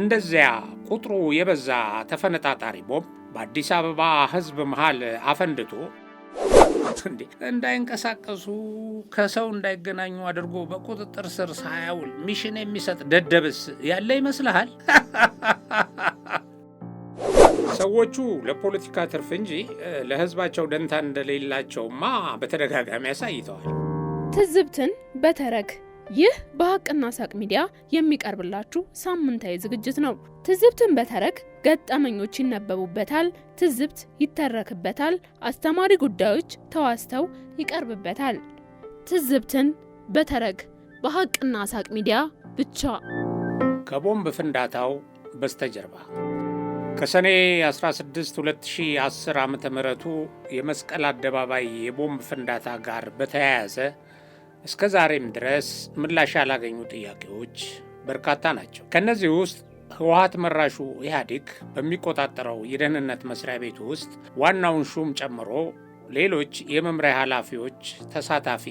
እንደዚያ ቁጥሩ የበዛ ተፈነጣጣሪ ቦምብ በአዲስ አበባ ሕዝብ መሃል አፈንድቶ እንዳይንቀሳቀሱ ከሰው እንዳይገናኙ አድርጎ በቁጥጥር ስር ሳያውል ሚሽን የሚሰጥ ደደብስ ያለ ይመስልሃል? ሰዎቹ ለፖለቲካ ትርፍ እንጂ ለሕዝባቸው ደንታ እንደሌላቸውማ በተደጋጋሚ አሳይተዋል። ትዝብትን በተረክ ይህ በሀቅና ሳቅ ሚዲያ የሚቀርብላችሁ ሳምንታዊ ዝግጅት ነው። ትዝብትን በተረክ ገጠመኞች ይነበቡበታል፣ ትዝብት ይተረክበታል፣ አስተማሪ ጉዳዮች ተዋስተው ይቀርብበታል። ትዝብትን በተረክ በሀቅና ሳቅ ሚዲያ ብቻ። ከቦምብ ፍንዳታው በስተጀርባ ከሰኔ 16 2010 ም የመስቀል አደባባይ የቦምብ ፍንዳታ ጋር በተያያዘ እስከ ዛሬም ድረስ ምላሽ ያላገኙ ጥያቄዎች በርካታ ናቸው። ከእነዚህ ውስጥ ህወሀት መራሹ ኢህአዴግ በሚቆጣጠረው የደህንነት መስሪያ ቤት ውስጥ ዋናውን ሹም ጨምሮ ሌሎች የመምሪያ ኃላፊዎች ተሳታፊ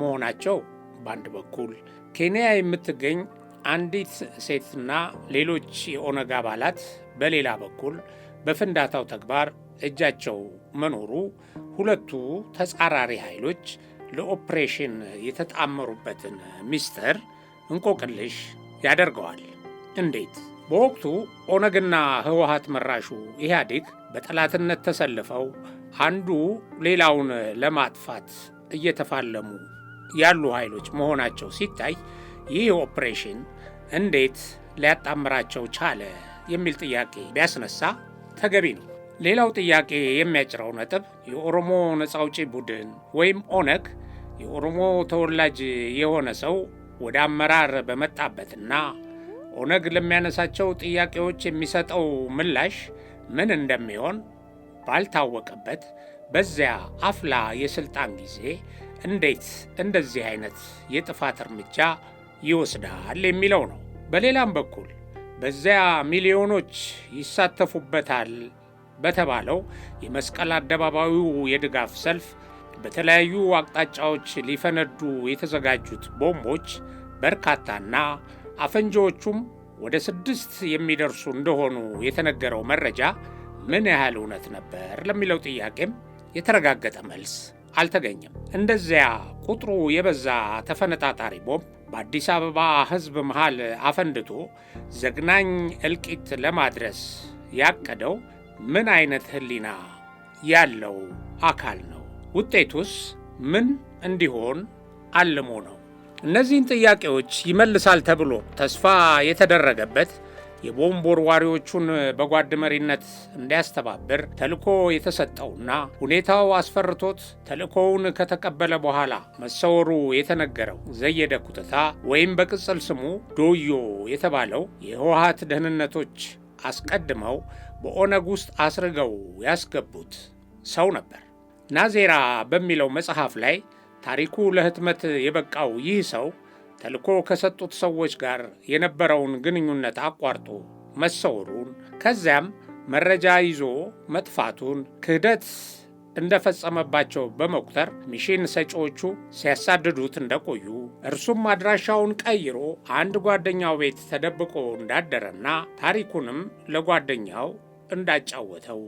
መሆናቸው በአንድ በኩል፣ ኬንያ የምትገኝ አንዲት ሴትና ሌሎች የኦነግ አባላት በሌላ በኩል በፍንዳታው ተግባር እጃቸው መኖሩ ሁለቱ ተጻራሪ ኃይሎች ለኦፕሬሽን የተጣመሩበትን ሚስጥር እንቆቅልሽ ያደርገዋል። እንዴት? በወቅቱ ኦነግና ህወሀት መራሹ ኢህአዴግ በጠላትነት ተሰልፈው አንዱ ሌላውን ለማጥፋት እየተፋለሙ ያሉ ኃይሎች መሆናቸው ሲታይ ይህ ኦፕሬሽን እንዴት ሊያጣምራቸው ቻለ የሚል ጥያቄ ቢያስነሳ ተገቢ ነው። ሌላው ጥያቄ የሚያጭረው ነጥብ የኦሮሞ ነፃ አውጪ ቡድን ወይም ኦነግ የኦሮሞ ተወላጅ የሆነ ሰው ወደ አመራር በመጣበትና ኦነግ ለሚያነሳቸው ጥያቄዎች የሚሰጠው ምላሽ ምን እንደሚሆን ባልታወቀበት በዚያ አፍላ የሥልጣን ጊዜ እንዴት እንደዚህ አይነት የጥፋት እርምጃ ይወስዳል የሚለው ነው። በሌላም በኩል በዚያ ሚሊዮኖች ይሳተፉበታል በተባለው የመስቀል አደባባዩ የድጋፍ ሰልፍ በተለያዩ አቅጣጫዎች ሊፈነዱ የተዘጋጁት ቦምቦች በርካታና አፈንጂዎቹም ወደ ስድስት የሚደርሱ እንደሆኑ የተነገረው መረጃ ምን ያህል እውነት ነበር ለሚለው ጥያቄም የተረጋገጠ መልስ አልተገኘም። እንደዚያ ቁጥሩ የበዛ ተፈነጣጣሪ ቦምብ በአዲስ አበባ ሕዝብ መሃል አፈንድቶ ዘግናኝ እልቂት ለማድረስ ያቀደው ምን አይነት ሕሊና ያለው አካል ነው? ውጤቱስ ምን እንዲሆን አልሞ ነው? እነዚህን ጥያቄዎች ይመልሳል ተብሎ ተስፋ የተደረገበት የቦምብ ወርዋሪዎቹን በጓድ መሪነት እንዲያስተባብር ተልኮ የተሰጠውና ሁኔታው አስፈርቶት ተልእኮውን ከተቀበለ በኋላ መሰወሩ የተነገረው ዘየደ ኩተታ ወይም በቅጽል ስሙ ዶዮ የተባለው የህወሀት ደህንነቶች አስቀድመው በኦነግ ውስጥ አስርገው ያስገቡት ሰው ነበር። ናዜራ በሚለው መጽሐፍ ላይ ታሪኩ ለህትመት የበቃው ይህ ሰው ተልኮ ከሰጡት ሰዎች ጋር የነበረውን ግንኙነት አቋርጦ መሰወሩን ከዚያም መረጃ ይዞ መጥፋቱን ክህደት እንደፈጸመባቸው በመቁጠር ሚሽን ሰጪዎቹ ሲያሳድዱት እንደቆዩ እርሱም አድራሻውን ቀይሮ አንድ ጓደኛው ቤት ተደብቆ እንዳደረና ታሪኩንም ለጓደኛው እንዳጫወተው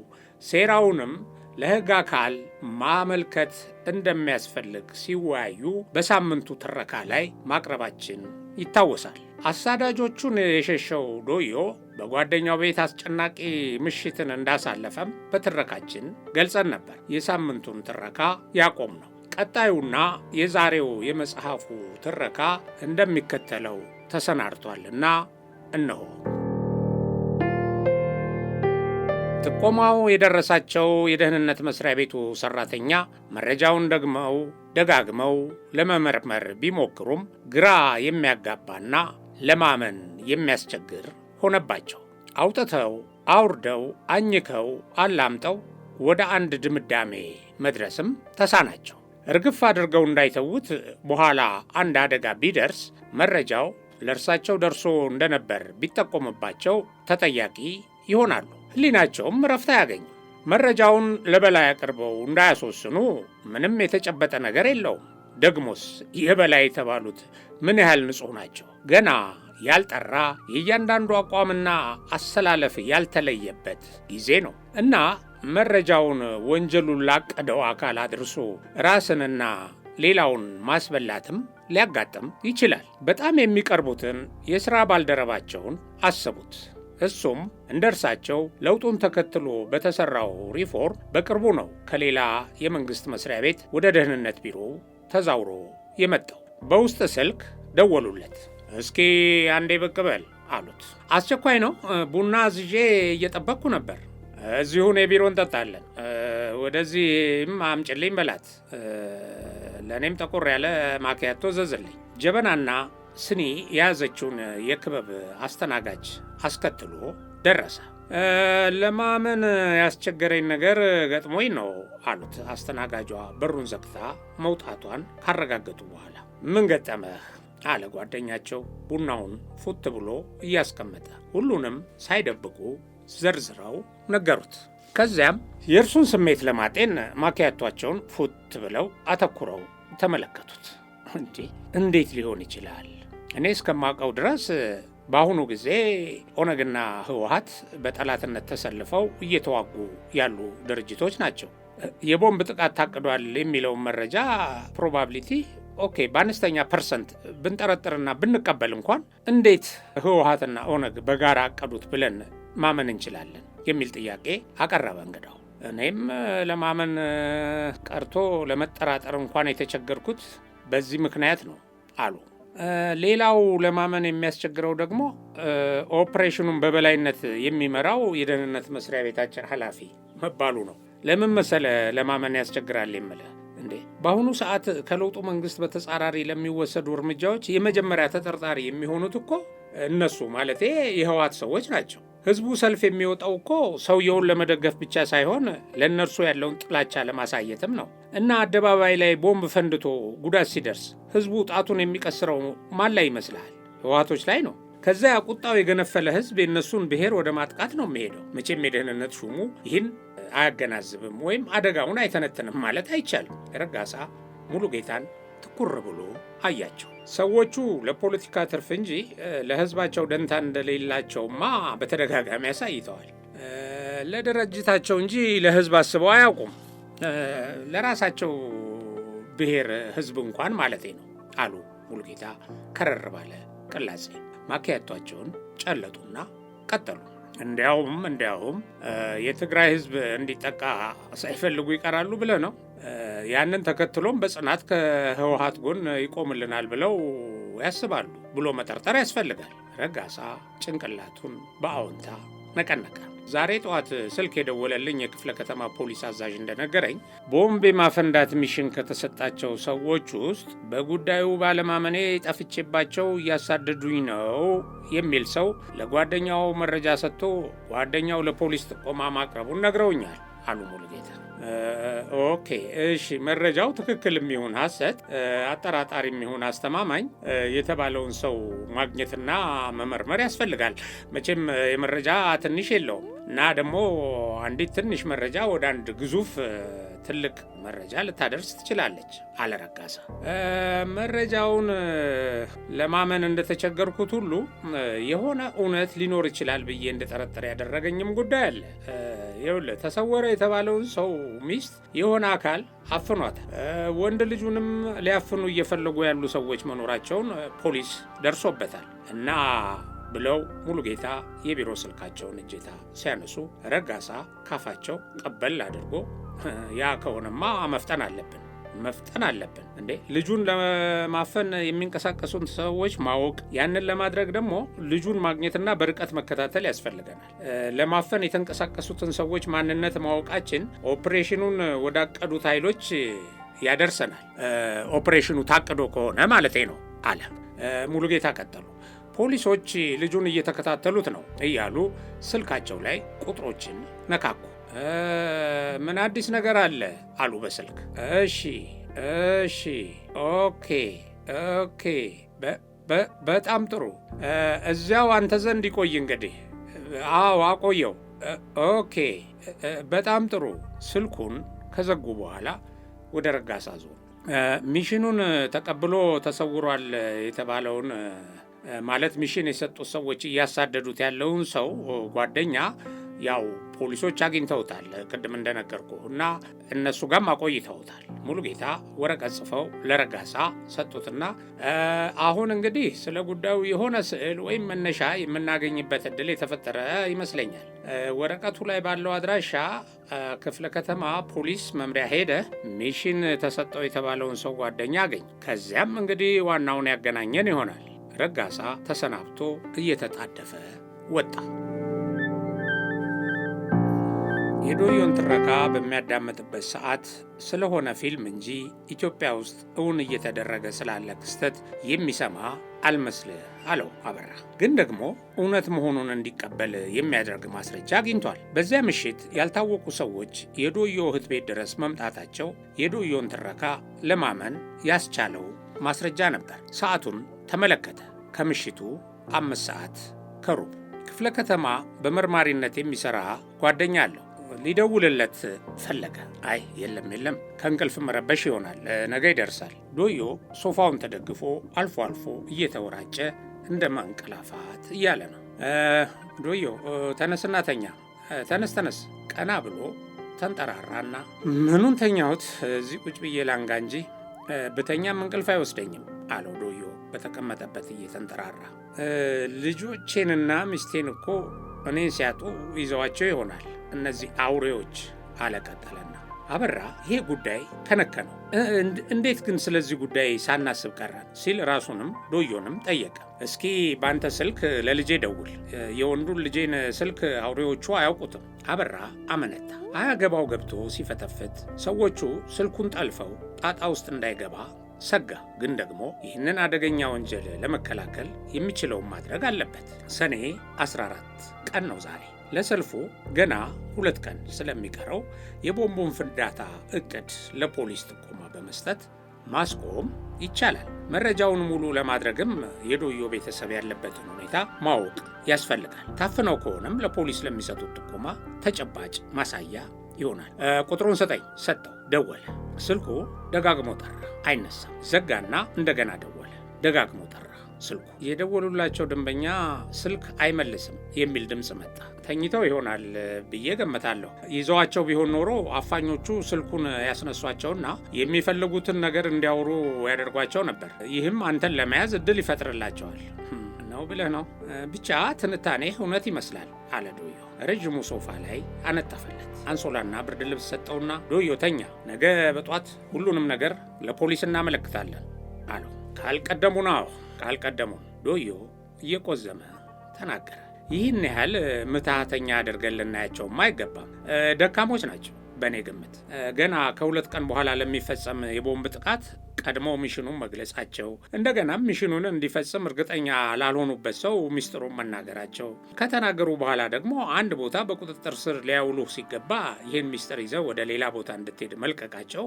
ሴራውንም ለሕግ አካል ማመልከት እንደሚያስፈልግ ሲወያዩ በሳምንቱ ትረካ ላይ ማቅረባችን ይታወሳል። አሳዳጆቹን የሸሸው ዶዮ በጓደኛው ቤት አስጨናቂ ምሽትን እንዳሳለፈም በትረካችን ገልጸን ነበር። የሳምንቱን ትረካ ያቆም ነው። ቀጣዩና የዛሬው የመጽሐፉ ትረካ እንደሚከተለው ተሰናድቷልና እነሆ። ጥቆማው የደረሳቸው የደህንነት መስሪያ ቤቱ ሰራተኛ መረጃውን ደግመው ደጋግመው ለመመርመር ቢሞክሩም ግራ የሚያጋባና ለማመን የሚያስቸግር ሆነባቸው። አውጥተው አውርደው አኝከው አላምጠው ወደ አንድ ድምዳሜ መድረስም ተሳናቸው። እርግፍ አድርገው እንዳይተዉት በኋላ አንድ አደጋ ቢደርስ መረጃው ለእርሳቸው ደርሶ እንደነበር ቢጠቆምባቸው ተጠያቂ ይሆናሉ። ህሊናቸውም ረፍት አያገኝም። መረጃውን ለበላይ አቅርበው እንዳያስወስኑ ምንም የተጨበጠ ነገር የለውም። ደግሞስ የበላይ የተባሉት ምን ያህል ንጹሕ ናቸው? ገና ያልጠራ የእያንዳንዱ አቋምና አሰላለፍ ያልተለየበት ጊዜ ነው እና መረጃውን ወንጀሉን ላቀደው አካል አድርሶ ራስንና ሌላውን ማስበላትም ሊያጋጥም ይችላል። በጣም የሚቀርቡትን የሥራ ባልደረባቸውን አስቡት። እሱም እንደ እርሳቸው ለውጡን ተከትሎ በተሰራው ሪፎርም በቅርቡ ነው ከሌላ የመንግሥት መስሪያ ቤት ወደ ደህንነት ቢሮ ተዛውሮ የመጣው። በውስጥ ስልክ ደወሉለት። እስኪ አንዴ ብቅ በል አሉት። አስቸኳይ ነው፣ ቡና አዝዤ እየጠበቅኩ ነበር። እዚሁን የቢሮ እንጠጣለን፣ ወደዚህም አምጭልኝ በላት። ለእኔም ጠቆር ያለ ማኪያቶ ዘዝልኝ። ጀበናና ስኒ የያዘችውን የክበብ አስተናጋጅ አስከትሎ ደረሰ። ለማመን ያስቸገረኝ ነገር ገጥሞኝ ነው አሉት አስተናጋጇ በሩን ዘግታ መውጣቷን ካረጋገጡ በኋላ። ምን ገጠመህ አለ ጓደኛቸው ቡናውን ፉት ብሎ እያስቀመጠ። ሁሉንም ሳይደብቁ ዘርዝረው ነገሩት። ከዚያም የእርሱን ስሜት ለማጤን ማኪያቷቸውን ፉት ብለው አተኩረው ተመለከቱት። እንዴ እንዴት ሊሆን ይችላል? እኔ እስከማውቀው ድረስ በአሁኑ ጊዜ ኦነግና ህወሀት በጠላትነት ተሰልፈው እየተዋጉ ያሉ ድርጅቶች ናቸው። የቦምብ ጥቃት ታቅዷል የሚለውን መረጃ ፕሮባብሊቲ ኦኬ በአነስተኛ ፐርሰንት ብንጠረጥርና ብንቀበል እንኳን እንዴት ህወሀትና ኦነግ በጋራ አቀዱት ብለን ማመን እንችላለን የሚል ጥያቄ አቀረበ እንግዳው። እኔም ለማመን ቀርቶ ለመጠራጠር እንኳን የተቸገርኩት በዚህ ምክንያት ነው አሉ። ሌላው ለማመን የሚያስቸግረው ደግሞ ኦፕሬሽኑን በበላይነት የሚመራው የደህንነት መስሪያ ቤታችን ኃላፊ መባሉ ነው። ለምን መሰለ ለማመን ያስቸግራል የምልህ እንዴ በአሁኑ ሰዓት ከለውጡ መንግስት በተጻራሪ ለሚወሰዱ እርምጃዎች የመጀመሪያ ተጠርጣሪ የሚሆኑት እኮ እነሱ ማለቴ የህወሓት ሰዎች ናቸው። ህዝቡ ሰልፍ የሚወጣው እኮ ሰውየውን ለመደገፍ ብቻ ሳይሆን ለእነርሱ ያለውን ጥላቻ ለማሳየትም ነው። እና አደባባይ ላይ ቦምብ ፈንድቶ ጉዳት ሲደርስ ህዝቡ ጣቱን የሚቀስረው ማን ላይ ይመስልሃል? ህወሓቶች ላይ ነው። ከዚያ ቁጣው የገነፈለ ህዝብ የእነሱን ብሔር ወደ ማጥቃት ነው የሚሄደው። መቼም የደህንነት ሹሙ ይህን አያገናዝብም ወይም አደጋውን አይተነትንም ማለት አይቻልም። ረጋሳ ሙሉ ጌታን ትኩር ብሎ አያቸው። ሰዎቹ ለፖለቲካ ትርፍ እንጂ ለሕዝባቸው ደንታ እንደሌላቸውማ በተደጋጋሚ አሳይተዋል። ለድርጅታቸው እንጂ ለሕዝብ አስበው አያውቁም። ለራሳቸው ብሔር ሕዝብ እንኳን ማለቴ ነው አሉ ሙሉጌታ ከረር ባለ ቅላጼ። ማኪያቷቸውን ጨለጡና ቀጠሉ። እንዲያውም እንዲያውም የትግራይ ሕዝብ እንዲጠቃ ሳይፈልጉ ይቀራሉ ብለህ ነው ያንን ተከትሎም በጽናት ከህወሀት ጎን ይቆምልናል ብለው ያስባሉ ብሎ መጠርጠር ያስፈልጋል። ረጋሳ ጭንቅላቱን በአዎንታ ነቀነቀ። ዛሬ ጠዋት ስልክ የደወለልኝ የክፍለ ከተማ ፖሊስ አዛዥ እንደነገረኝ ቦምብ የማፈንዳት ሚሽን ከተሰጣቸው ሰዎች ውስጥ በጉዳዩ ባለማመኔ ጠፍቼባቸው እያሳደዱኝ ነው የሚል ሰው ለጓደኛው መረጃ ሰጥቶ ጓደኛው ለፖሊስ ጥቆማ ማቅረቡን ነግረውኛል አሉ ሙሉጌታ። ኦኬ እሺ፣ መረጃው ትክክል የሚሆን ሐሰት አጠራጣሪ የሚሆን አስተማማኝ የተባለውን ሰው ማግኘትና መመርመር ያስፈልጋል። መቼም የመረጃ ትንሽ የለውም እና ደግሞ አንዲት ትንሽ መረጃ ወደ አንድ ግዙፍ ትልቅ መረጃ ልታደርስ ትችላለች። አለረጋሳ መረጃውን ለማመን እንደተቸገርኩት ሁሉ የሆነ እውነት ሊኖር ይችላል ብዬ እንደጠረጠረ ያደረገኝም ጉዳይ አለ። ይኸውልህ ተሰወረ የተባለውን ሰው ሚስት የሆነ አካል አፍኗታል። ወንድ ልጁንም ሊያፍኑ እየፈለጉ ያሉ ሰዎች መኖራቸውን ፖሊስ ደርሶበታል እና ብለው ሙሉጌታ የቢሮ ስልካቸውን እጀታ ሲያነሱ ረጋሳ ካፋቸው ቀበል አድርጎ ያ ከሆነማ መፍጠን አለብን መፍጠን አለብን እንዴ! ልጁን ለማፈን የሚንቀሳቀሱን ሰዎች ማወቅ፣ ያንን ለማድረግ ደግሞ ልጁን ማግኘትና በርቀት መከታተል ያስፈልገናል። ለማፈን የተንቀሳቀሱትን ሰዎች ማንነት ማወቃችን ኦፕሬሽኑን ወዳቀዱት ኃይሎች ያደርሰናል። ኦፕሬሽኑ ታቅዶ ከሆነ ማለቴ ነው አለ ሙሉጌታ። ቀጠሉ። ፖሊሶች ልጁን እየተከታተሉት ነው እያሉ ስልካቸው ላይ ቁጥሮችን ነካኩ። ምን አዲስ ነገር አለ አሉ በስልክ። እሺ እሺ፣ ኦኬ ኦኬ፣ በጣም ጥሩ። እዚያው አንተ ዘንድ ይቆይ እንግዲህ። አዎ አቆየው። ኦኬ፣ በጣም ጥሩ። ስልኩን ከዘጉ በኋላ ወደ ረጋሳ ዞ ሚሽኑን ተቀብሎ ተሰውሯል የተባለውን ማለት ሚሽን የሰጡት ሰዎች እያሳደዱት ያለውን ሰው ጓደኛ ያው ፖሊሶች አግኝተውታል ቅድም እንደነገርኩ እና እነሱ ጋም አቆይተውታል። ሙሉ ጌታ ወረቀት ጽፈው ለረጋሳ ሰጡትና አሁን እንግዲህ ስለ ጉዳዩ የሆነ ስዕል ወይም መነሻ የምናገኝበት እድል የተፈጠረ ይመስለኛል። ወረቀቱ ላይ ባለው አድራሻ ክፍለ ከተማ ፖሊስ መምሪያ ሄደ ሚሽን ተሰጠው የተባለውን ሰው ጓደኛ አገኝ። ከዚያም እንግዲህ ዋናውን ያገናኘን ይሆናል። ረጋሳ ተሰናብቶ እየተጣደፈ ወጣ። የዶዮን ትረካ በሚያዳምጥበት ሰዓት ስለሆነ ፊልም እንጂ ኢትዮጵያ ውስጥ እውን እየተደረገ ስላለ ክስተት የሚሰማ አልመስልህ አለው አበራ። ግን ደግሞ እውነት መሆኑን እንዲቀበል የሚያደርግ ማስረጃ አግኝቷል። በዚያ ምሽት ያልታወቁ ሰዎች የዶዮ እህት ቤት ድረስ መምጣታቸው የዶዮን ትረካ ለማመን ያስቻለው ማስረጃ ነበር። ሰዓቱን ተመለከተ። ከምሽቱ አምስት ሰዓት ከሩብ ክፍለ ከተማ በመርማሪነት የሚሠራ ጓደኛ አለው። ሊደውልለት ፈለገ። አይ የለም የለም፣ ከእንቅልፍ መረበሽ ይሆናል፣ ነገ ይደርሳል። ዶዮ ሶፋውን ተደግፎ አልፎ አልፎ እየተወራጨ እንደ ማንቀላፋት እያለ ነው። ዶዮ ተነስና ተኛ፣ ተነስ ተነስ። ቀና ብሎ ተንጠራራና ምኑን ተኛሁት? እዚህ ቁጭ ብዬ ላንጋ እንጂ ብተኛም እንቅልፍ አይወስደኝም አለው ዶዮ በተቀመጠበት እየተንጠራራ ልጆቼንና ሚስቴን እኮ እኔን ሲያጡ ይዘዋቸው ይሆናል እነዚህ አውሬዎች አለቀጠለና አበራ ይሄ ጉዳይ ነው። እንዴት ግን ስለዚህ ጉዳይ ሳናስብ ቀረን ሲል ራሱንም ዶዮንም ጠየቀ። እስኪ በአንተ ስልክ ለልጄ ደውል፣ የወንዱን ልጄን ስልክ አውሬዎቹ አያውቁትም። አበራ አመነታ። አያገባው ገብቶ ሲፈተፍት ሰዎቹ ስልኩን ጠልፈው ጣጣ ውስጥ እንዳይገባ ሰጋ። ግን ደግሞ ይህንን አደገኛ ወንጀል ለመከላከል የሚችለውን ማድረግ አለበት። ሰኔ 14 ቀን ነው ዛሬ። ለሰልፉ ገና ሁለት ቀን ስለሚቀረው የቦምቡን ፍንዳታ እቅድ ለፖሊስ ጥቆማ በመስጠት ማስቆም ይቻላል። መረጃውን ሙሉ ለማድረግም የዶዮ ቤተሰብ ያለበትን ሁኔታ ማወቅ ያስፈልጋል። ታፍነው ከሆነም ለፖሊስ ለሚሰጡት ጥቆማ ተጨባጭ ማሳያ ይሆናል። ቁጥሩን ሰጠኝ ሰጠው ደወለ። ስልኩ ደጋግሞ ጠራ፣ አይነሳም። ዘጋና እንደገና ደወለ፣ ደጋግሞ ጠራ ስልኩ። የደወሉላቸው ደንበኛ ስልክ አይመልስም የሚል ድምፅ መጣ። ተኝተው ይሆናል ብዬ ገመታለሁ። ይዘዋቸው ቢሆን ኖሮ አፋኞቹ ስልኩን ያስነሷቸውና የሚፈልጉትን ነገር እንዲያወሩ ያደርጓቸው ነበር። ይህም አንተን ለመያዝ እድል ይፈጥርላቸዋል። ነው ብለህ ነው? ብቻ ትንታኔ እውነት ይመስላል አለ ዶዮ። ረዥሙ ሶፋ ላይ አነጠፈለት። አንሶላና ብርድ ልብስ ሰጠውና ዶዮ ተኛ፣ ነገ በጧት ሁሉንም ነገር ለፖሊስ እናመለክታለን አለው። ካልቀደሙን፣ አዎ ካልቀደሙን፣ ዶዮ እየቆዘመ ተናገረ። ይህን ያህል ምትሃተኛ አድርገን ልናያቸውም አይገባም። ደካሞች ናቸው። በእኔ ግምት ገና ከሁለት ቀን በኋላ ለሚፈጸም የቦምብ ጥቃት ቀድሞ ሚሽኑን መግለጻቸው እንደገናም ሚሽኑን እንዲፈጽም እርግጠኛ ላልሆኑበት ሰው ሚስጥሩን መናገራቸው ከተናገሩ በኋላ ደግሞ አንድ ቦታ በቁጥጥር ስር ሊያውሉ ሲገባ ይህን ሚስጥር ይዘው ወደ ሌላ ቦታ እንድትሄድ መልቀቃቸው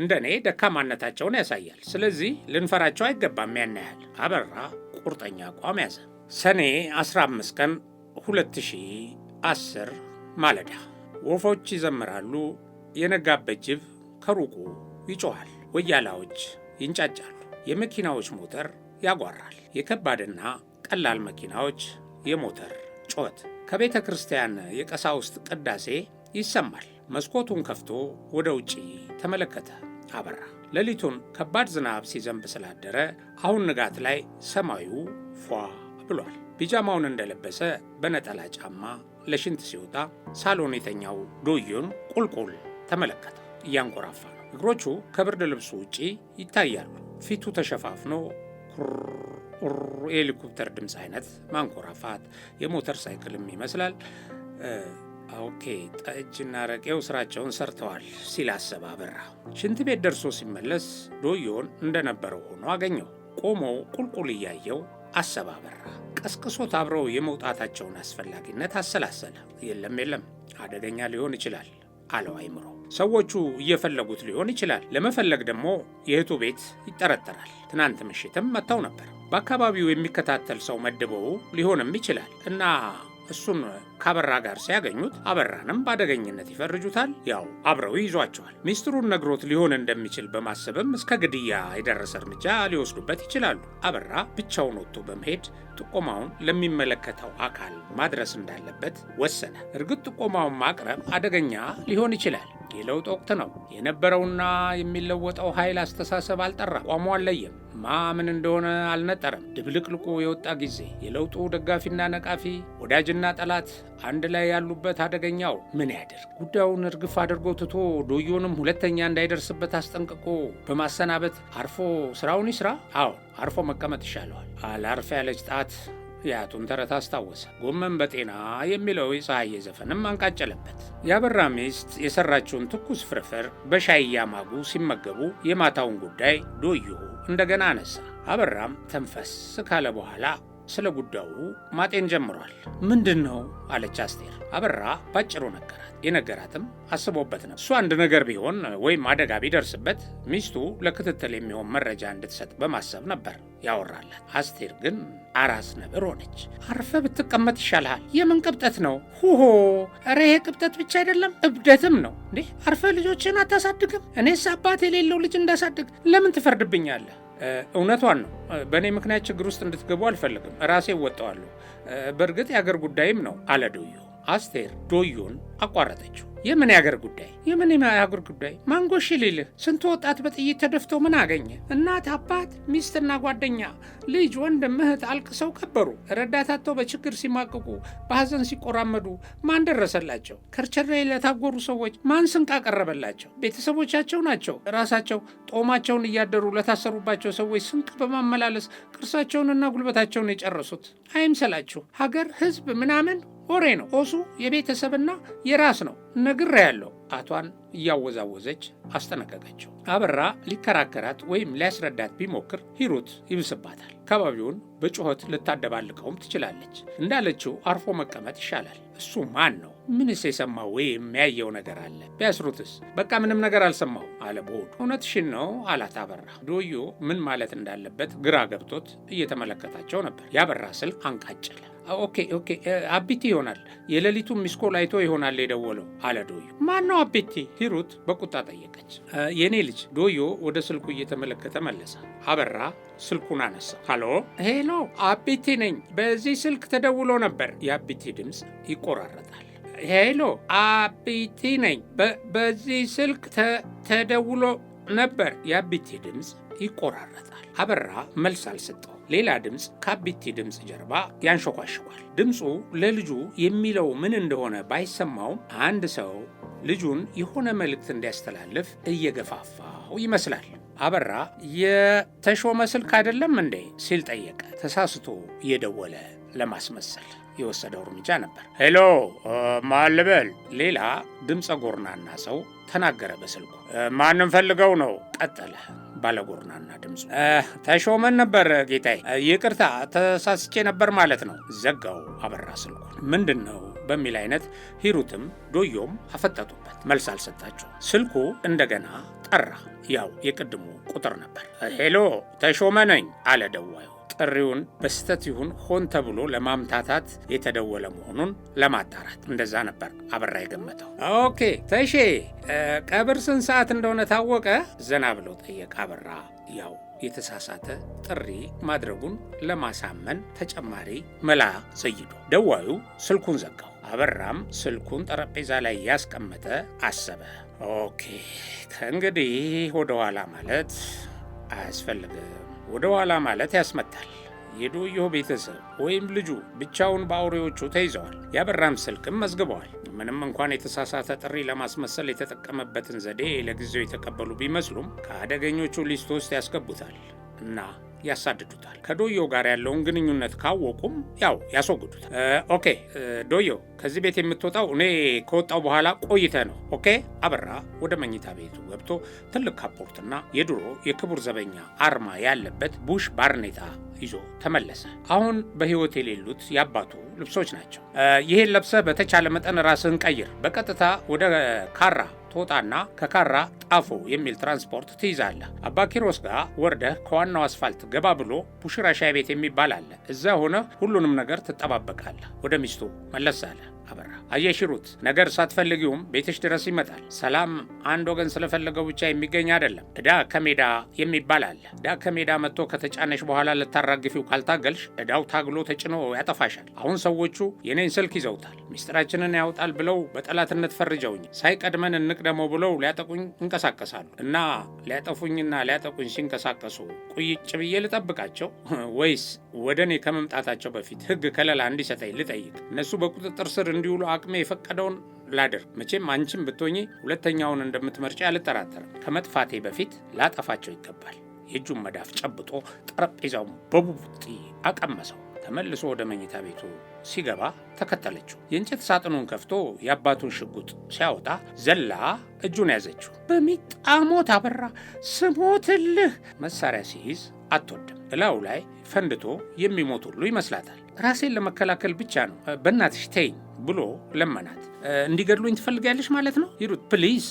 እንደኔ ደካማነታቸውን ያሳያል። ስለዚህ ልንፈራቸው አይገባም። ያናያል አበራ ቁርጠኛ አቋም ያዘ። ሰኔ 15 ቀን 2010 ማለዳ ወፎች ይዘምራሉ፣ የነጋበት ጅብ ከሩቁ ይጮኋል። ወያላዎች ይንጫጫሉ፣ የመኪናዎች ሞተር ያጓራል። የከባድና ቀላል መኪናዎች የሞተር ጩኸት ከቤተ ክርስቲያን የቀሳውስት ቅዳሴ ይሰማል። መስኮቱን ከፍቶ ወደ ውጪ ተመለከተ። አበራ ሌሊቱን ከባድ ዝናብ ሲዘንብ ስላደረ አሁን ንጋት ላይ ሰማዩ ፏ ብሏል። ቢጃማውን እንደለበሰ በነጠላ ጫማ ለሽንት ሲወጣ ሳሎን የተኛው ዶዮን ቁልቁል ተመለከተ። እያንኮራፋ ነው። እግሮቹ ከብርድ ልብሱ ውጪ ይታያሉ። ፊቱ ተሸፋፍኖ ቁር የሄሊኮፕተር ድምፅ አይነት ማንኮራፋት፣ የሞተር ሳይክልም ይመስላል። ኦኬ ጠጅና ረቄው ስራቸውን ሰርተዋል ሲል አሰበ አበራ። ሽንት ቤት ደርሶ ሲመለስ ዶዮን እንደነበረው ሆኖ አገኘው። ቆሞ ቁልቁል እያየው አሰባበራ ቀስቅሶት አብረው የመውጣታቸውን አስፈላጊነት አሰላሰለ። የለም የለም፣ አደገኛ ሊሆን ይችላል አለው አይምሮ። ሰዎቹ እየፈለጉት ሊሆን ይችላል። ለመፈለግ ደግሞ የእህቱ ቤት ይጠረጠራል። ትናንት ምሽትም መጥተው ነበር። በአካባቢው የሚከታተል ሰው መድበው ሊሆንም ይችላል እና እሱም ከአበራ ጋር ሲያገኙት አበራንም በአደገኝነት ይፈርጁታል። ያው አብረው ይዟቸዋል። ሚስጥሩን ነግሮት ሊሆን እንደሚችል በማሰብም እስከ ግድያ የደረሰ እርምጃ ሊወስዱበት ይችላሉ። አበራ ብቻውን ወጥቶ በመሄድ ጥቆማውን ለሚመለከተው አካል ማድረስ እንዳለበት ወሰነ። እርግጥ ጥቆማውን ማቅረብ አደገኛ ሊሆን ይችላል። የለውጥ ወቅት ነው። የነበረውና የሚለወጠው ኃይል አስተሳሰብ አልጠራም፣ አቋሙ አልለየም። ማ ምን እንደሆነ አልነጠረም። ድብልቅልቁ የወጣ ጊዜ የለውጡ ደጋፊና ነቃፊ፣ ወዳጅና ጠላት አንድ ላይ ያሉበት አደገኛው ምን ያደርግ? ጉዳዩን እርግፍ አድርጎ ትቶ ዶዮንም ሁለተኛ እንዳይደርስበት አስጠንቅቆ በማሰናበት አርፎ ስራውን ይስራ። አዎ አርፎ መቀመጥ ይሻለዋል። አላርፍ ያለች ጣት የአያቱን ተረት አስታወሰ። ጎመን በጤና የሚለው የፀሐዬ ዘፈንም አንቃጨለበት። የአበራ ሚስት የሰራችውን ትኩስ ፍርፍር በሻይ እያማጉ ሲመገቡ የማታውን ጉዳይ ዶዮ እንደገና አነሳ። አበራም ተንፈስ ካለ በኋላ ስለ ጉዳዩ ማጤን ጀምሯል። ምንድን ነው አለች አስቴር። አበራ ባጭሩ ነገራት። የነገራትም አስቦበት ነው። እሱ አንድ ነገር ቢሆን ወይም አደጋ ቢደርስበት ሚስቱ ለክትትል የሚሆን መረጃ እንድትሰጥ በማሰብ ነበር ያወራላት። አስቴር ግን አራስ ነብር ሆነች። አርፈ ብትቀመጥ ይሻልሃል። የምን ቅብጠት ነው? ሁሆ ኧረ ይሄ ቅብጠት ብቻ አይደለም እብደትም ነው እንዴ! አርፈ ልጆችን አታሳድግም? እኔስ አባት የሌለው ልጅ እንዳሳድግ ለምን ትፈርድብኛለህ? እውነቷን ነው። በእኔ ምክንያት ችግር ውስጥ እንድትገቡ አልፈልግም። ራሴ እወጣዋለሁ። በእርግጥ የአገር ጉዳይም ነው አለ ዶዮ። አስቴር ዶዮን አቋረጠችው። የምን የአገር ጉዳይ የምን ያገር ጉዳይ ማንጎሽ ልልህ ስንት ወጣት በጥይት ተደፍቶ ምን አገኘ? እናት አባት፣ ሚስትና ጓደኛ፣ ልጅ፣ ወንድም፣ እህት አልቅሰው ቀበሩ። ረዳታቸው በችግር ሲማቅቁ፣ በሐዘን ሲቆራመዱ ማን ደረሰላቸው? ከርቸሬ ለታጎሩ ሰዎች ማን ስንቅ አቀረበላቸው? ቤተሰቦቻቸው ናቸው ራሳቸው ጦማቸውን እያደሩ ለታሰሩባቸው ሰዎች ስንቅ በማመላለስ ቅርሳቸውንና ጉልበታቸውን የጨረሱት። አይምሰላችሁ ሀገር፣ ህዝብ ምናምን ወሬ ነው። ኦሱ የቤተሰብና የራስ ነው ነግር ያለው አቷን እያወዛወዘች አስጠነቀቀችው። አበራ ሊከራከራት ወይም ሊያስረዳት ቢሞክር ሂሩት ይብስባታል። አካባቢውን በጩኸት ልታደባልቀውም ትችላለች። እንዳለችው አርፎ መቀመጥ ይሻላል። እሱ ማን ነው? ምንስ የሰማው ወይም የሚያየው ነገር አለ? ቢያስሩትስ? በቃ ምንም ነገር አልሰማው አለ በሆዱ። እውነትሽን ነው አላት አበራ። ዶዮ ምን ማለት እንዳለበት ግራ ገብቶት እየተመለከታቸው ነበር። ያበራ ስልክ አንቃጭለ ኦኬ ኦኬ አቢቲ ይሆናል። የሌሊቱን ሚስኮል አይቶ ይሆናል የደወለው አለ ዶዮ። ማነው አቢቲ? ሂሩት በቁጣ ጠየቀች። የእኔ ልጅ። ዶዮ ወደ ስልኩ እየተመለከተ መለሰ። አበራ ስልኩን አነሳ። ሀሎ፣ ሄሎ፣ አቢቲ ነኝ። በዚህ ስልክ ተደውሎ ነበር። የአቢቲ ድምፅ ይቆራረጣል። ሄሎ፣ አቢቲ ነኝ። በዚህ ስልክ ተደውሎ ነበር። የአቢቲ ድምፅ ይቆራረጣል። አበራ መልስ አልሰጠው። ሌላ ድምፅ ካቢቲ ድምፅ ጀርባ ያንሸኳሽኳል። ድምፁ ለልጁ የሚለው ምን እንደሆነ ባይሰማውም አንድ ሰው ልጁን የሆነ መልእክት እንዲያስተላልፍ እየገፋፋው ይመስላል። አበራ የተሾመ ስልክ አይደለም እንዴ ሲል ጠየቀ። ተሳስቶ የደወለ ለማስመሰል የወሰደው እርምጃ ነበር። ሄሎ ማልበል ሌላ ድምፀ ጎርናና ሰው ተናገረ በስልኩ። ማንም ፈልገው ነው ቀጠለ ባለጎርናና ድምፁ ተሾመን ነበር። ጌታዬ ይቅርታ ተሳስቼ ነበር ማለት ነው። ዘጋው አበራ ስልኩ ምንድን ነው በሚል አይነት ሂሩትም ዶዮም አፈጠጡበት። መልስ አልሰጣቸው። ስልኩ እንደገና ጠራ። ያው የቅድሙ ቁጥር ነበር። ሄሎ ተሾመ ነኝ አለ ደዋዩ። ጥሪውን በስህተት ይሁን ሆን ተብሎ ለማምታታት የተደወለ መሆኑን ለማጣራት እንደዛ ነበር አበራ የገመተው። ኦኬ ተሼ ቀብር ስንት ሰዓት እንደሆነ ታወቀ? ዘና ብለው ጠየቀ አበራ። ያው የተሳሳተ ጥሪ ማድረጉን ለማሳመን ተጨማሪ መላ ዘይዶ ደዋዩ ስልኩን ዘጋው። አበራም ስልኩን ጠረጴዛ ላይ ያስቀመጠ አሰበ። ኦኬ ከእንግዲህ ወደኋላ ማለት አያስፈልግም ወደ ኋላ ማለት ያስመታል። የዶየሁ ቤተሰብ ወይም ልጁ ብቻውን በአውሬዎቹ ተይዘዋል። ያበራም ስልክም መዝግበዋል። ምንም እንኳን የተሳሳተ ጥሪ ለማስመሰል የተጠቀመበትን ዘዴ ለጊዜው የተቀበሉ ቢመስሉም ከአደገኞቹ ሊስት ውስጥ ያስገቡታል እና ያሳድዱታል። ከዶዮ ጋር ያለውን ግንኙነት ካወቁም ያው ያስወግዱታል። ኦኬ ዶዮ፣ ከዚህ ቤት የምትወጣው እኔ ከወጣው በኋላ ቆይተ ነው። ኦኬ። አበራ ወደ መኝታ ቤቱ ገብቶ ትልቅ ካፖርትና የድሮ የክቡር ዘበኛ አርማ ያለበት ቡሽ ባርኔጣ ይዞ ተመለሰ። አሁን በህይወት የሌሉት የአባቱ ልብሶች ናቸው። ይህን ለብሰህ በተቻለ መጠን ራስህን ቀይር። በቀጥታ ወደ ካራ ትወጣና ከካራ ጣፎ የሚል ትራንስፖርት ትይዛለህ። አባ ኪሮስ ጋር ወርደህ ከዋናው አስፋልት ገባ ብሎ ቡሽራ ሻይ ቤት የሚባል አለ። እዛ ሆነ ሁሉንም ነገር ትጠባበቃለህ። ወደ ሚስቱ መለስ አለ አበራ። አየሽሩት ነገር ሳትፈልጊውም ቤትሽ ድረስ ይመጣል። ሰላም አንድ ወገን ስለፈለገው ብቻ የሚገኝ አይደለም። እዳ ከሜዳ የሚባል አለ። እዳ ከሜዳ መጥቶ ከተጫነሽ በኋላ ልታራግፊው ካልታገልሽ እዳው ታግሎ ተጭኖ ያጠፋሻል። አሁን ሰዎቹ የኔን ስልክ ይዘውታል፣ ሚስጥራችንን ያወጣል ብለው በጠላትነት ፈርጀውኝ ሳይቀድመን እንቅደመው ብለው ሊያጠቁኝ ይንቀሳቀሳሉ እና ሊያጠፉኝና ሊያጠቁኝ ሲንቀሳቀሱ ቁይጭ ብዬ ልጠብቃቸው ወይስ ወደ እኔ ከመምጣታቸው በፊት ሕግ ከለላ እንዲሰጠኝ ልጠይቅ? እነሱ በቁጥጥር ስር እንዲውሉ አቅሜ የፈቀደውን ላድርግ። መቼም አንቺም ብትሆኚ ሁለተኛውን እንደምትመርጪ አልጠራጠርም። ከመጥፋቴ በፊት ላጠፋቸው ይገባል። የእጁን መዳፍ ጨብጦ ጠረጴዛውን በቡጢ አቀመሰው። ተመልሶ ወደ መኝታ ቤቱ ሲገባ ተከተለችው። የእንጨት ሳጥኑን ከፍቶ የአባቱን ሽጉጥ ሲያወጣ ዘላ እጁን ያዘችው። በሚጣሞት አበራ ስሞትልህ መሳሪያ ሲይዝ አትወድም። እላው ላይ ፈንድቶ የሚሞት ሁሉ ይመስላታል። ራሴን ለመከላከል ብቻ ነው በእናትሽ ተይኝ ብሎ ለመናት። እንዲገድሉኝ ትፈልጊያለሽ ማለት ነው? ሂሩት ፕሊዝ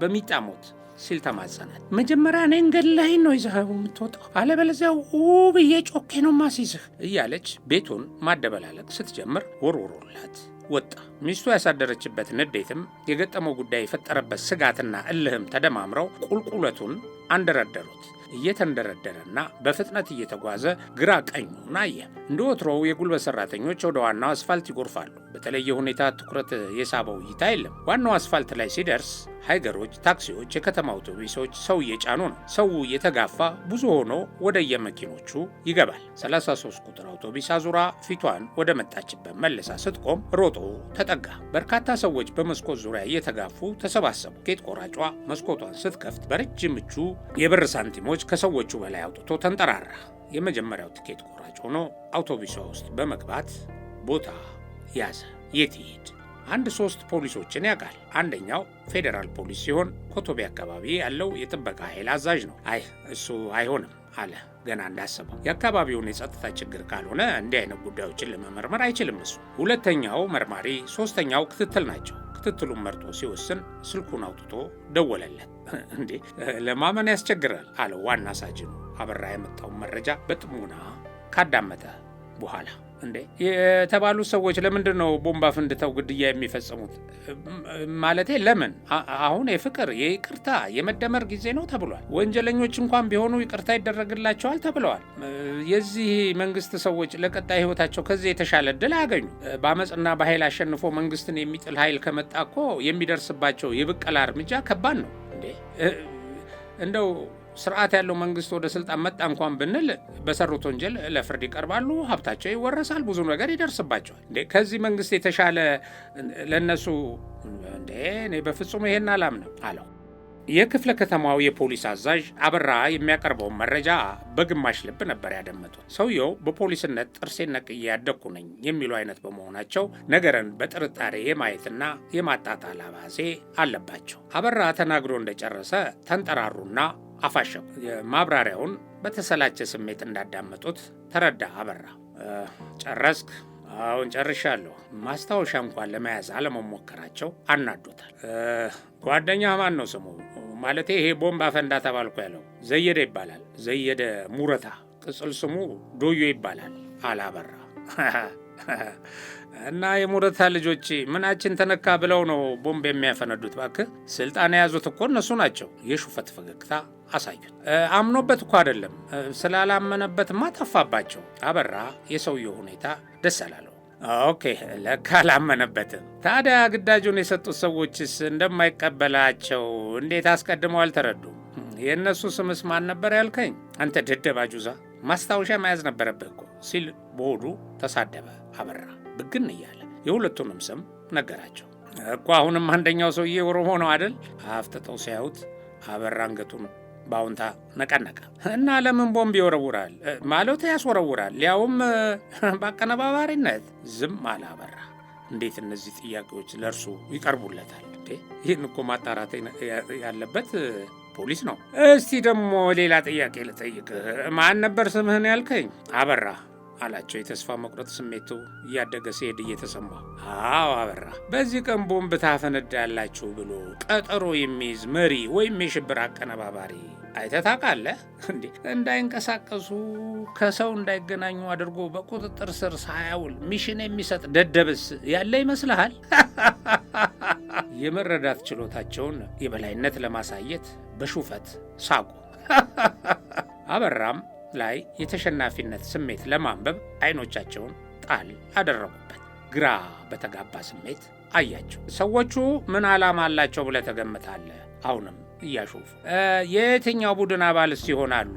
በሚጣሞት ሲል ተማጸናት። መጀመሪያ እኔን ገድለኸኝ ነው ይዘህ የምትወጣው፣ አለበለዚያ ውብዬ ጮኬ ነው ማስይዝህ እያለች ቤቱን ማደበላለቅ ስትጀምር ወርወሮላት ወጣ። ሚስቱ ያሳደረችበት ንዴትም የገጠመው ጉዳይ የፈጠረበት ስጋትና እልህም ተደማምረው ቁልቁለቱን አንደረደሩት። እየተንደረደረና በፍጥነት እየተጓዘ ግራ ቀኙን አየ። እንደ ወትሮው የጉልበት ሠራተኞች ወደ ዋናው አስፋልት ይጎርፋሉ። በተለየ ሁኔታ ትኩረት የሳበው እይታ የለም። ዋናው አስፋልት ላይ ሲደርስ ሃይገሮች፣ ታክሲዎች፣ የከተማ አውቶቡሶች ሰው እየጫኑ ነው። ሰው እየተጋፋ ብዙ ሆኖ ወደ የመኪኖቹ ይገባል። 33 ቁጥር አውቶቡስ አዙራ ፊቷን ወደ መጣችበት መልሳ ስትቆም ሮጦ ተጠጋ። በርካታ ሰዎች በመስኮት ዙሪያ እየተጋፉ ተሰባሰቡ። ኬት ቆራጯ መስኮቷን ስትከፍት በረጅም እጁ የብር ሳንቲሞች ከሰዎቹ በላይ አውጥቶ ተንጠራራ። የመጀመሪያው ትኬት ቆራጭ ሆኖ አውቶቡሷ ውስጥ በመግባት ቦታ ያዘ። የት ይሄድ? አንድ ሶስት ፖሊሶችን ያውቃል። አንደኛው ፌዴራል ፖሊስ ሲሆን ኮቶቤ አካባቢ ያለው የጥበቃ ኃይል አዛዥ ነው። አይ እሱ አይሆንም አለ ገና እንዳሰበው። የአካባቢውን የጸጥታ ችግር ካልሆነ እንዲህ አይነት ጉዳዮችን ለመመርመር አይችልም እሱ። ሁለተኛው መርማሪ፣ ሶስተኛው ክትትል ናቸው። ክትትሉን መርጦ ሲወስን ስልኩን አውጥቶ ደወለለት። እንዴ ለማመን ያስቸግራል አለው ዋና ሳጅኑ አበራ የመጣውን መረጃ በጥሞና ካዳመጠ በኋላ እንዴ የተባሉት ሰዎች ለምንድን ነው ቦምባ ፍንድተው ግድያ የሚፈጽሙት? ማለቴ ለምን አሁን የፍቅር የይቅርታ የመደመር ጊዜ ነው ተብሏል። ወንጀለኞች እንኳን ቢሆኑ ይቅርታ ይደረግላቸዋል ተብለዋል። የዚህ መንግስት ሰዎች ለቀጣይ ህይወታቸው ከዚህ የተሻለ እድል አያገኙ። በአመፅና በኃይል አሸንፎ መንግስትን የሚጥል ኃይል ከመጣ እኮ የሚደርስባቸው የብቀላ እርምጃ ከባድ ነው እንዴ እንደው ስርዓት ያለው መንግስት ወደ ስልጣን መጣ እንኳን ብንል በሰሩት ወንጀል ለፍርድ ይቀርባሉ። ሀብታቸው ይወረሳል፣ ብዙ ነገር ይደርስባቸዋል። እንዴ ከዚህ መንግስት የተሻለ ለነሱ እንዴ? እኔ በፍጹም ይሄን አላምንም አለው። የክፍለ ከተማው የፖሊስ አዛዥ አበራ የሚያቀርበውን መረጃ በግማሽ ልብ ነበር ያደመጡት። ሰውየው በፖሊስነት ጥርሴን ነቅዬ ያደግኩ ነኝ የሚሉ አይነት በመሆናቸው ነገርን በጥርጣሬ የማየትና የማጣጣል አባዜ አለባቸው። አበራ ተናግሮ እንደጨረሰ ተንጠራሩና አፋሸው። ማብራሪያውን በተሰላቸ ስሜት እንዳዳመጡት ተረዳ አበራ። ጨረስክ? አሁን ጨርሻለሁ። ማስታወሻ እንኳን ለመያዝ አለመሞከራቸው አናዶታል። ጓደኛ ማን ነው ስሙ? ማለቴ ይሄ ቦምብ አፈንዳ ተባልኩ ያለው ዘየደ ይባላል። ዘየደ ሙረታ፣ ቅጽል ስሙ ዶዮ ይባላል አላበራ እና የሞረታ ልጆች ምናችን ተነካ ብለው ነው ቦምብ የሚያፈነዱት። ባክ ስልጣን የያዙት እኮ እነሱ ናቸው። የሹፈት ፈገግታ አሳዩት። አምኖበት እኮ አይደለም ስላላመነበት ማጠፋባቸው። አበራ የሰውየው ሁኔታ ደስ አላለው። ኦኬ ለካ አላመነበትም። ታዲያ ግዳጁን የሰጡት ሰዎችስ እንደማይቀበላቸው እንዴት አስቀድመው አልተረዱ? የእነሱ ስምስ ማን ነበር ያልከኝ? አንተ ደደባ ጁዛ፣ ማስታወሻ መያዝ ነበረብህ እኮ ሲል በሆዱ ተሳደበ አበራ። ብግን እያለ የሁለቱንም ስም ነገራቸው። እኮ አሁንም አንደኛው ሰውዬ ኦሮሞ ነው አደል? አፍጥጠው ሲያዩት አበራ አንገቱን በአውንታ ነቀነቀ። እና ለምን ቦምብ ይወረውራል ማለት ያስወረውራል፣ ሊያውም በአቀነባባሪነት? ዝም አለ አበራ። እንዴት እነዚህ ጥያቄዎች ለእርሱ ይቀርቡለታል? ይህን እኮ ማጣራት ያለበት ፖሊስ ነው። እስቲ ደግሞ ሌላ ጥያቄ ልጠይቅህ። ማን ነበር ስምህን ያልከኝ? አበራ አላቸው። የተስፋ መቁረጥ ስሜቱ እያደገ ሲሄድ እየተሰማ አዎ፣ አበራ በዚህ ቀን ቦምብ ታፈነዳላችሁ ብሎ ቀጠሮ የሚይዝ መሪ ወይም የሽብር አቀነባባሪ አይተህ ታውቃለህ እንዴ? እንዳይንቀሳቀሱ ከሰው እንዳይገናኙ አድርጎ በቁጥጥር ስር ሳያውል ሚሽን የሚሰጥ ደደብስ ያለ ይመስልሃል? የመረዳት ችሎታቸውን የበላይነት ለማሳየት በሹፈት ሳቁ። አበራም ላይ የተሸናፊነት ስሜት ለማንበብ አይኖቻቸውን ጣል አደረጉበት። ግራ በተጋባ ስሜት አያቸው። ሰዎቹ ምን ዓላማ አላቸው ብለህ ተገምታለህ? አሁንም እያሾፉ የየትኛው ቡድን አባልስ ይሆናሉ?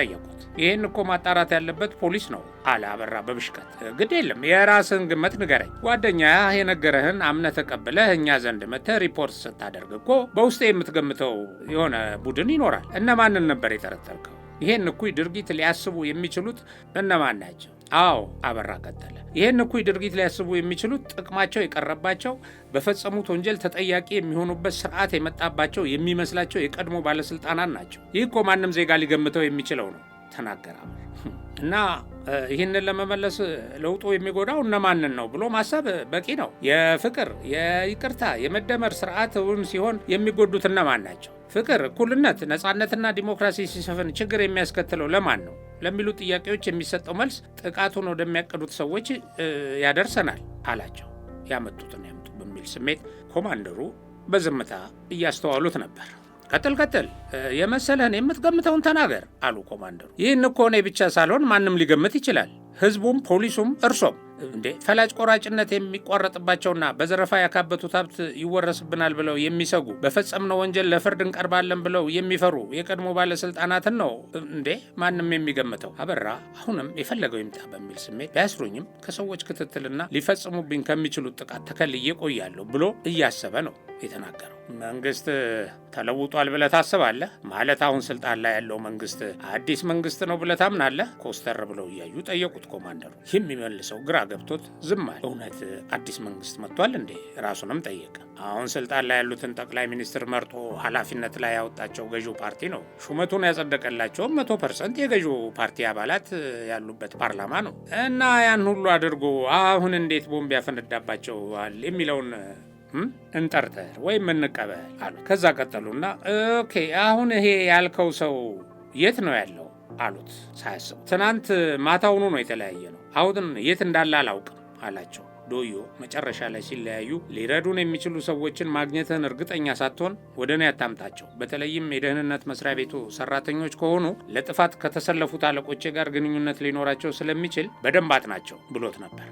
ጠየቁት። ይህን እኮ ማጣራት ያለበት ፖሊስ ነው አለ አበራ በብሽቀት። ግድ የለም የራስህን ግምት ንገረኝ። ጓደኛህ የነገረህን አምነህ ተቀብለህ እኛ ዘንድ መጥተህ ሪፖርት ስታደርግ እኮ በውስጥ የምትገምተው የሆነ ቡድን ይኖራል። እነማንን ነበር የጠረጠርከው? ይሄን እኩይ ድርጊት ሊያስቡ የሚችሉት እነማን ናቸው? አዎ፣ አበራ ቀጠለ። ይህን እኩይ ድርጊት ሊያስቡ የሚችሉት ጥቅማቸው የቀረባቸው በፈጸሙት ወንጀል ተጠያቂ የሚሆኑበት ስርዓት የመጣባቸው የሚመስላቸው የቀድሞ ባለስልጣናት ናቸው። ይህ እኮ ማንም ዜጋ ሊገምተው የሚችለው ነው ተናገራ? እና ይህንን ለመመለስ ለውጡ የሚጎዳው እነማንን ነው ብሎ ማሰብ በቂ ነው። የፍቅር የይቅርታ፣ የመደመር ስርዓትን ሲሆን የሚጎዱት እነማን ናቸው? ፍቅር፣ እኩልነት፣ ነፃነትና ዲሞክራሲ ሲሰፍን ችግር የሚያስከትለው ለማን ነው ለሚሉ ጥያቄዎች የሚሰጠው መልስ ጥቃቱን ወደሚያቅዱት ሰዎች ያደርሰናል አላቸው። ያመጡትን ያምጡ በሚል ስሜት ኮማንደሩ በዝምታ እያስተዋሉት ነበር። ቀጥል ቀጥል፣ የመሰለህን የምትገምተውን ተናገር አሉ ኮማንደሩ። ይህን እኮ እኔ ብቻ ሳልሆን ማንም ሊገምት ይችላል ህዝቡም፣ ፖሊሱም፣ እርሶም እንዴ ፈላጭ ቆራጭነት የሚቋረጥባቸውና በዘረፋ ያካበቱት ሀብት ይወረስብናል ብለው የሚሰጉ በፈጸምነው ወንጀል ለፍርድ እንቀርባለን ብለው የሚፈሩ የቀድሞ ባለስልጣናትን ነው እንዴ ማንም የሚገምተው። አበራ አሁንም የፈለገው ይምጣ በሚል ስሜት ቢያስሩኝም ከሰዎች ክትትልና ሊፈጽሙብኝ ከሚችሉት ጥቃት ተከልዬ ቆያለሁ ብሎ እያሰበ ነው የተናገረው። መንግስት ተለውጧል ብለህ ታስባለህ? ማለት አሁን ስልጣን ላይ ያለው መንግስት አዲስ መንግስት ነው ብለህ ታምናለህ? ኮስተር ብለው እያዩ ጠየቁት ኮማንደሩ። የሚመልሰው ግራ ገብቶት ዝም አለ። እውነት አዲስ መንግስት መጥቷል እንዴ? ራሱንም ጠየቀ። አሁን ስልጣን ላይ ያሉትን ጠቅላይ ሚኒስትር መርጦ ኃላፊነት ላይ ያወጣቸው ገዢው ፓርቲ ነው። ሹመቱን ያጸደቀላቸውም መቶ ፐርሰንት የገዢው ፓርቲ አባላት ያሉበት ፓርላማ ነው እና ያን ሁሉ አድርጎ አሁን እንዴት ቦምብ ያፈነዳባቸዋል የሚለውን እንጠርተ ወይም እንቀበል አሉ። ከዛ ቀጠሉና ኦኬ አሁን ይሄ ያልከው ሰው የት ነው ያለው? አሉት ሳያስቡ። ትናንት ማታውኑ ነው የተለያየ ነው። አሁን የት እንዳለ አላውቅም አላቸው። ዶዮ መጨረሻ ላይ ሲለያዩ ሊረዱን የሚችሉ ሰዎችን ማግኘትህን እርግጠኛ ሳትሆን ወደ እኔ አታምጣቸው። በተለይም የደህንነት መስሪያ ቤቱ ሰራተኞች ከሆኑ ለጥፋት ከተሰለፉት አለቆቼ ጋር ግንኙነት ሊኖራቸው ስለሚችል በደንብ አጥናቸው ብሎት ነበር።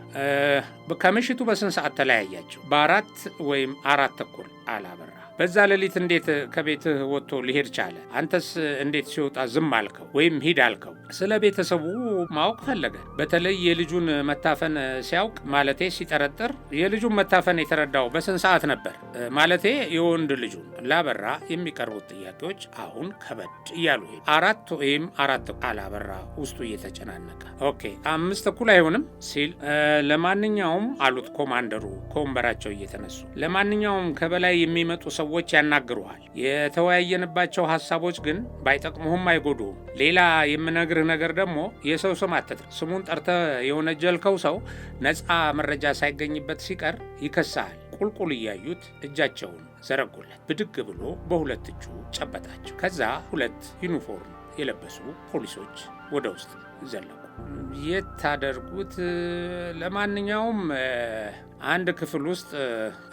ከምሽቱ በስንት ሰዓት ተለያያቸው? በአራት ወይም አራት ተኩል አላበራ በዛ ሌሊት እንዴት ከቤትህ ወጥቶ ሊሄድ ቻለ? አንተስ እንዴት ሲወጣ ዝም አልከው ወይም ሂድ አልከው? ስለ ቤተሰቡ ማወቅ ፈለገ። በተለይ የልጁን መታፈን ሲያውቅ ማለቴ ሲጠረጥር፣ የልጁን መታፈን የተረዳው በስንት ሰዓት ነበር? ማለቴ የወንድ ልጁን ላበራ የሚቀርቡት ጥያቄዎች አሁን ከበድ እያሉ አራት ወይም አራት አላበራ ውስጡ እየተጨናነቀ ኦኬ አምስት እኩል አይሆንም ሲል ለማንኛውም አሉት ኮማንደሩ ከወንበራቸው እየተነሱ ለማንኛውም ከበላይ የሚመጡ ሰው ሰዎች ያናግሩሃል። የተወያየንባቸው ሀሳቦች ግን ባይጠቅሙህም አይጎዱህም። ሌላ የምነግርህ ነገር ደግሞ የሰው ስም አትጥር ስሙን ጠርተ የወነጀልከው ሰው ነፃ መረጃ ሳይገኝበት ሲቀር ይከሳሃል። ቁልቁል እያዩት እጃቸውን ዘረጉለት። ብድግ ብሎ በሁለት እጁ ጨበጣቸው። ከዛ ሁለት ዩኒፎርም የለበሱ ፖሊሶች ወደ ውስጥ ዘለቁ። የታደርጉት ለማንኛውም አንድ ክፍል ውስጥ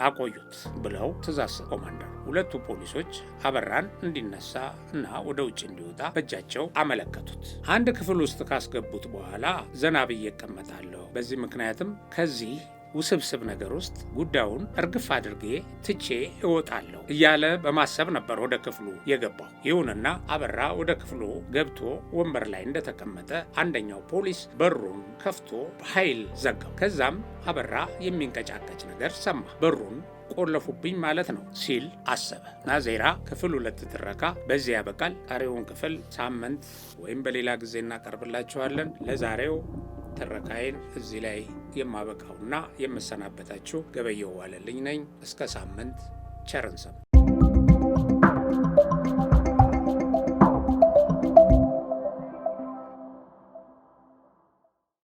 አቆዩት ብለው ትእዛዝ ኮማንደሩ ሁለቱ ፖሊሶች አበራን እንዲነሳ እና ወደ ውጭ እንዲወጣ በእጃቸው አመለከቱት። አንድ ክፍል ውስጥ ካስገቡት በኋላ ዘና ብዬ እቀመጣለሁ። በዚህ ምክንያትም ከዚህ ውስብስብ ነገር ውስጥ ጉዳዩን እርግፍ አድርጌ ትቼ እወጣለሁ እያለ በማሰብ ነበር ወደ ክፍሉ የገባው። ይሁንና አበራ ወደ ክፍሉ ገብቶ ወንበር ላይ እንደተቀመጠ አንደኛው ፖሊስ በሩን ከፍቶ በኃይል ዘጋው። ከዛም አበራ የሚንቀጫቀጭ ነገር ሰማ። በሩን ቆለፉብኝ ማለት ነው ሲል አሰበ። ናዜራ ክፍል ሁለት ትረካ በዚህ ያበቃል። ቀሪውን ክፍል ሳምንት ወይም በሌላ ጊዜ እናቀርብላችኋለን። ለዛሬው ትረካዬን እዚህ ላይ የማበቃውና የምሰናበታችሁ ገበየው ዋለልኝ ነኝ። እስከ ሳምንት ቸርን ሰንብቱ።